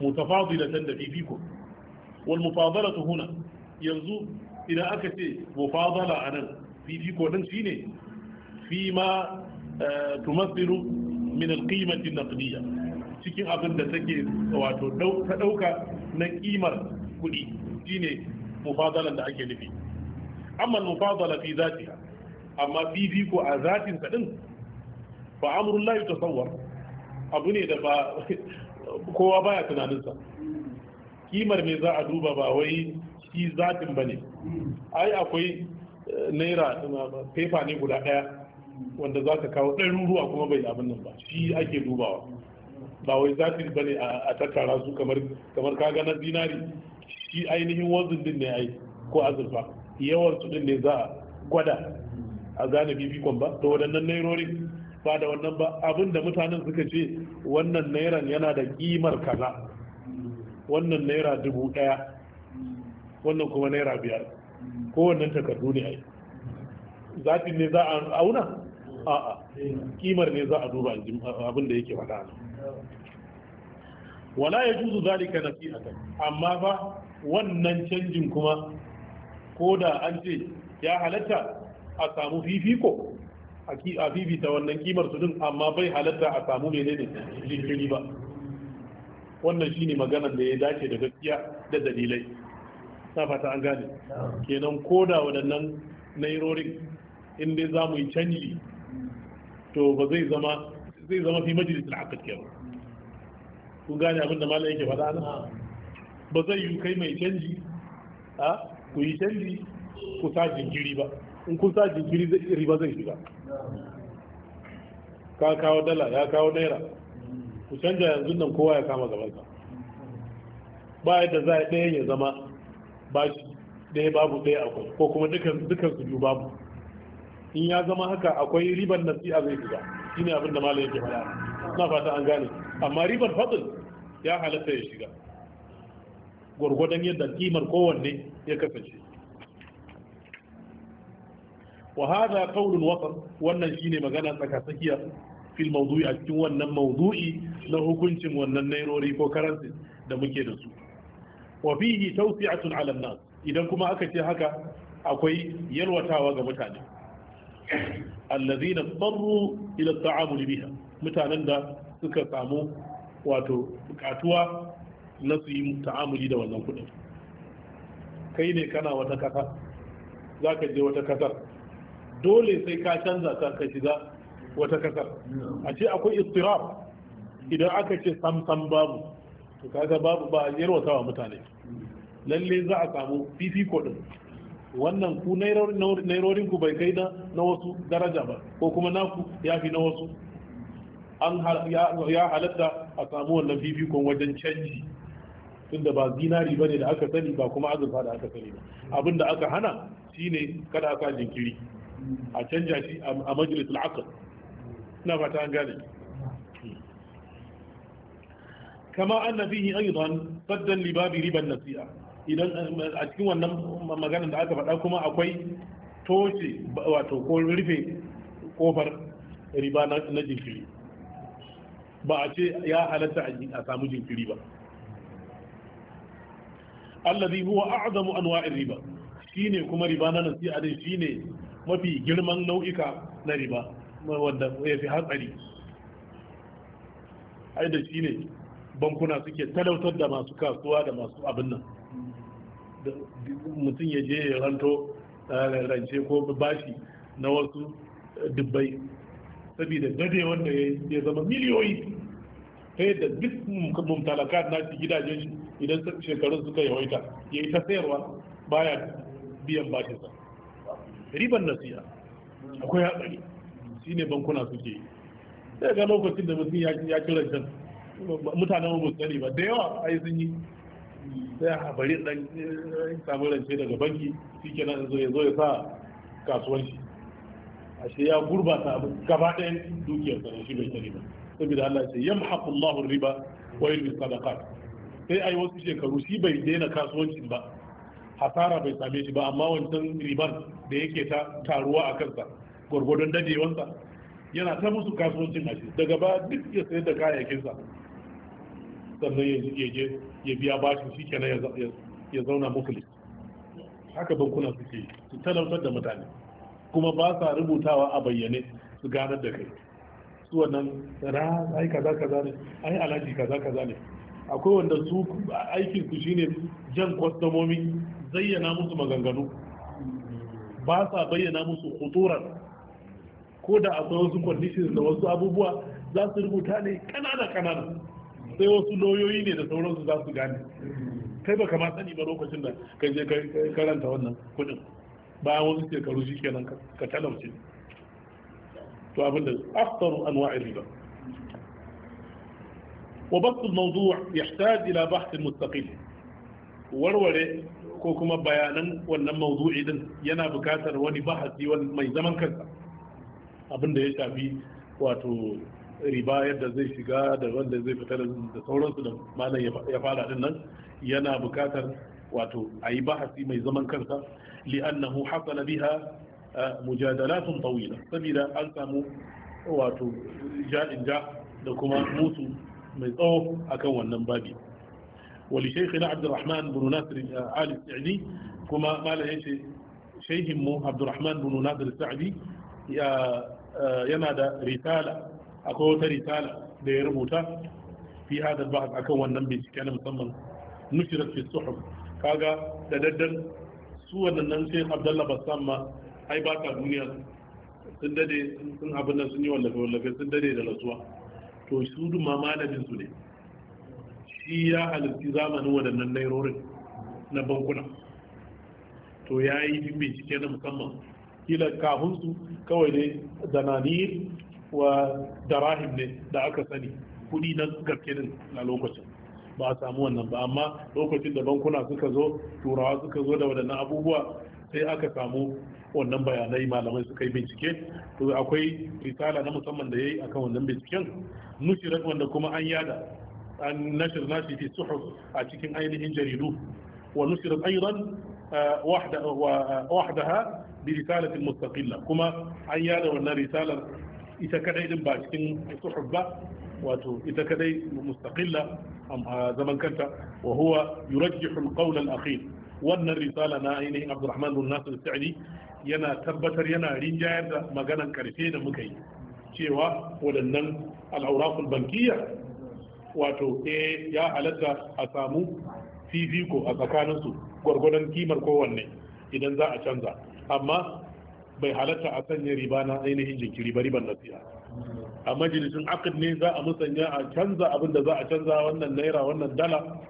Speaker 1: mutafadilatan da fifiko wal mufadalatu huna yanzu idan aka ce mufadala anan fifiko din shine fi ma eh, Tumasiru min al-qimati an cikin abin da take wato ta ɗauka. na kimar kuɗi shine mufadalan da ake nufi amma mufadala fi zatiha amma fifiko a zatin sa din fa amrul la yatasawwar abu ne da ba [LAUGHS] kowa baya tunaninsa kimar me za a duba ba wai shi zatin bane ai akwai eh, naira fefa ne guda daya wanda za ka kawo ɗaruruwa kuma bai abin nan ba shi ake dubawa ba wai zafi ba ne a tattara su kamar kaga na zinari shi ainihin wanzun din ne ai ko azurfa yawan su din ne za a gwada a gane bibikon ba to waɗannan nairorin ba da wannan ba abin da mutanen suka ce wannan nairan yana da kimar kaza wannan naira dubu ɗaya wannan kuma naira biyar Ko wannan takardu ne ai zafi ne za a auna a'a kimar ne za a duba abin da yake faɗa wala ya juzu zalika fi amma ba wannan canjin kuma ko da an ce ya halatta a samu fifiko a fifita wannan kimar su din amma bai halatta a samu ne jinkiri ba wannan shi ne maganar da ya dace da gaskiya da dalilai na fata an gane kenan ko da waɗannan nairorin in dai za mu yi canji to ba zai zama zai zama fi majalis al'aqd kenan kun gane abin da malam yake faɗa nan ba zai yi kai mai canji a ku yi canji ku sa jinkiri ba in kun sa jinkiri riba zai shiga ka kawo dala ya kawo naira ku canja yanzu nan kowa ya kama gaba ka ba yadda za a ɗaya ya zama ba shi ɗaya babu ɗaya akwai ko kuma dukansu su biyu babu in ya zama haka akwai riban nasi'a zai shiga shine abin da malam yake faɗa ina fata an gane amma ribar fadl ya halatta ya shiga gwargwadon yadda kimar kowanne ya kasance wa hada qaulul waqf wannan shine magana tsaka tsakiya fil mawdu'i a cikin wannan mawdu'i na hukuncin wannan nairori ko karansi da muke da su wa fihi tawsi'atun 'ala an-nas idan kuma aka ce haka akwai yalwatawa ga mutane allazina tsarru ila ta'amul biha mutanen da suka samu wato bukatuwa na su yi ta'amuli da wannan kudin kai ne kana wata kasa za ka je wata kasar dole sai ka canza ta ka shiga wata kasar a ce akwai istirar idan aka ce samsam babu to kaga babu ba a yarwata wa mutane lalle za a samu fifiko din wannan ku nairorin ku bai kai na wasu daraja ba ko kuma naku ya fi na wasu an ya halatta a samu wannan fifikon wajen canji tunda ba zinari ba ne da aka sani ba kuma azurfa da aka sani ba abin da aka hana shi shine kada aka jinkiri a canja shi a majalis al'akar na fata an gane kama annabihi ayyuzan saddan libabi riban nasi'a idan a cikin wannan maganar da aka faɗa kuma akwai toshe wato ko rufe kofar riba na jinkiri ba a ce ya halatta a samu jinkiri ba allazi huwa a'zamu anwa'ir riba shine kuma riba na a shi shine mafi girman nau'ika na riba wanda ya fi hatsari ai da shine bankuna suke talautar da masu kasuwa da masu abin nan mutum ya je ya ranto eh, rance ko bashi na wasu eh, dubbai saboda gade wanda ya zama miliyoyi ta yadda duk mumtalaka na shi gidajen idan shekarun suka yawaita ya yi ta sayarwa baya biyan bashi sa riban siya akwai hatsari shi ne bankuna suke yi daga lokacin da mutum ya kira can mutanen mu ba da yawa ai sun yi sai a bari dan samu rance daga banki shi nan zo ya zo ya sa kasuwanci ashe ya gurbata abin gaba ɗayan dukiyar sa shi bai sani ba saboda Allah ya ce yamhaqu Allahu riba wa yurbi sadaqat sai ai wasu shekaru shi bai daina kasuwancin ba hasara bai same shi ba amma wancan riban da yake ta taruwa a kansa gwargwadon dadewansa yana ta musu kasuwancin a daga ba duk ya sayar da kayayyakinsa sannan ya je ya biya bashin shi kenan ya zauna mukulis haka bankuna suke su talautar da mutane kuma ba sa rubutawa a bayyane su ganar da kai su wannan ra ai kaza kaza ne ai alaji kaza kaza ne akwai wanda su aikin su shine jan kwastomomi zayyana musu maganganu ba sa bayyana musu huturar ko da akwai wasu conditions da wasu abubuwa za su rubuta ne kanana kanana sai wasu lauyoyi ne da sauransu za su gane kai ba kama sani ba lokacin da kai je karanta wannan kudin bayan wasu shekaru shi kenan ka talauce to abinda aftaru an anwa'i riba wa basu ya sa ila bahth mustaƙil warware ko kuma bayanan wannan mawdu'i idan yana bukatar wani bahasi mai zaman kansa abinda ya shafi wato riba yadda zai shiga da wanda zai fita da sauransu da malam ya fara din nan yana bukatar wato a yi bahasi mai zaman kansa li'annahu hasala biha mujadalatun tawila saboda an samu wato ja'in ja da kuma mutu mai tsawo akan wannan babi wali shaykhina abdurrahman bin nasir ali sa'di kuma malam yace shaykhin mu abdurrahman bin nasir sa'di ya yana da risala akwai wata risala da ya rubuta fi ba a akan wannan bincike na musamman nushirat fi suhuf kaga da daddan su wannan sai Abdullah Bassam ma ai ba ta duniya sun dade sun abin nan sun yi wallafe wallafe sun dade da rasuwa to su ma malamin su ne shi ya halitti zamanin waɗannan nairorin na bankuna to ya yi bincike na musamman kila kafin su kawai ne zanani wa darahim ne da aka sani kudi na gaske din na lokacin ba a samu wannan ba amma lokacin da bankuna suka zo turawa suka zo da waɗannan abubuwa sai aka samu wannan bayanai malamai suka yi bincike to akwai risala na musamman da ya yi akan wannan binciken nushirat wanda kuma an yada an nashir nashi fi suhuf a cikin ainihin jaridu wa nushirat aidan wahdaha bi risalatin mustaqilla kuma an yada wannan risalar ita kadai din ba cikin suhuf ba wato ita kadai mustaqilla a zaman kanta wa huwa yurajjihu al-qawl al-akhir wannan risala na ainihin Abdurrahman bin Nasir Sa'di yana tabbatar yana rinjayar da maganan karfe da muka yi cewa wadannan al-awraqul bankiyya wato eh ya halatta a samu fifiko a tsakaninsu gwargwadon kimar kowanne idan za a canza amma bai halatta a sanya riba na ainihin jinkiri ba riban nasiha a majalisun akid ne za a musanya a canza abin da za a canza wannan naira wannan dala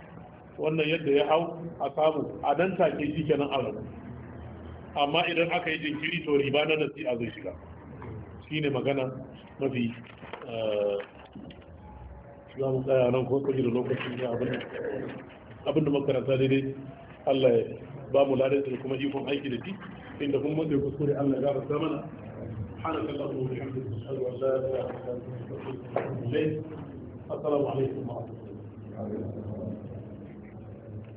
Speaker 1: wannan yadda ya hau a samu a dan take shi kenan a amma idan aka yi jinkiri to riba na nasiha zai shiga shine magana mafi eh, za mu tsaya nan ko kaji da lokacin da abin abin da makaranta daidai Allah ya ba mu ladan da kuma ikon aiki da shi إذا kuma muke kuskure Allah ya الزمن mana سبحانك اللهم وبحمدك اشهد ان لا اله الا انت السلام عليكم ورحمه
Speaker 3: الله